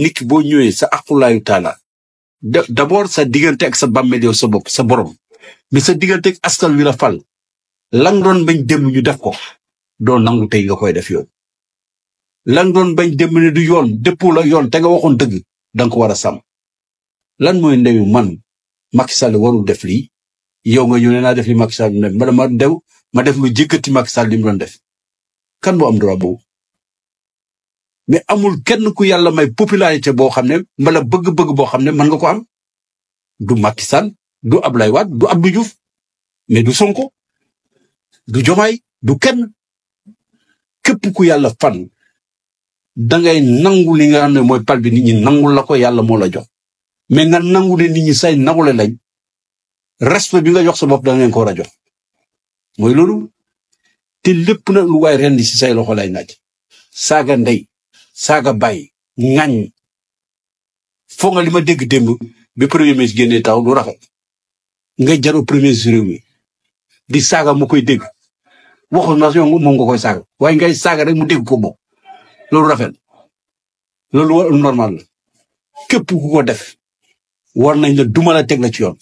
nit ki boo ñëwee sa aqulaayu taala d'abord sa diggante ak sa bàmmeel sa bopp sa borom mais sa diggante ak askan wi la fal lang doon bañ dem ñu def ko doon nangu tey nga koy def yoon lang doon bañ dem ne du yoon dëppoo la yoon te nga waxoon dëgg danga ko war a sàmm lan mooy ndeyu man Macky Sall warul def lii yow nga ñëw naa def li Macky Sall ma ma ndew ma def lu jëkkati Macky Sall li mu doon def kan moo am droit boobu mais amul kenn ku yàlla may popularité boo xam ne mbala bëgg-bëgg boo xam ne mën nga ko am du Macky Sall du ablay Wade du Abdou Diouf mais du Sonko du Jomaay du kenn képp ku yàlla fan dangay nangu li nga xam ne mooy pal bi ni ñi nangul la ko yàlla moo la jox mais nga nangu ne nit ñi say nawle lañ respect bi nga jox sa bopp da ngeen ko a jox mooy loolu te lépp na lu waay rendi ci say loxo lay naaj saaga ndey saaga bàyyi ŋañ foo nga li ma dégg démb bi premier ministre génnee taw lu rafet nga jaroo premier ministre réew mi di saaga mu koy dégg waxul nation moom nga koy saaga waaye ngay saaga rek mu dégg ko moom loolu rafet loolu normal la képp ko def war nañ la duma la teg la ci yoon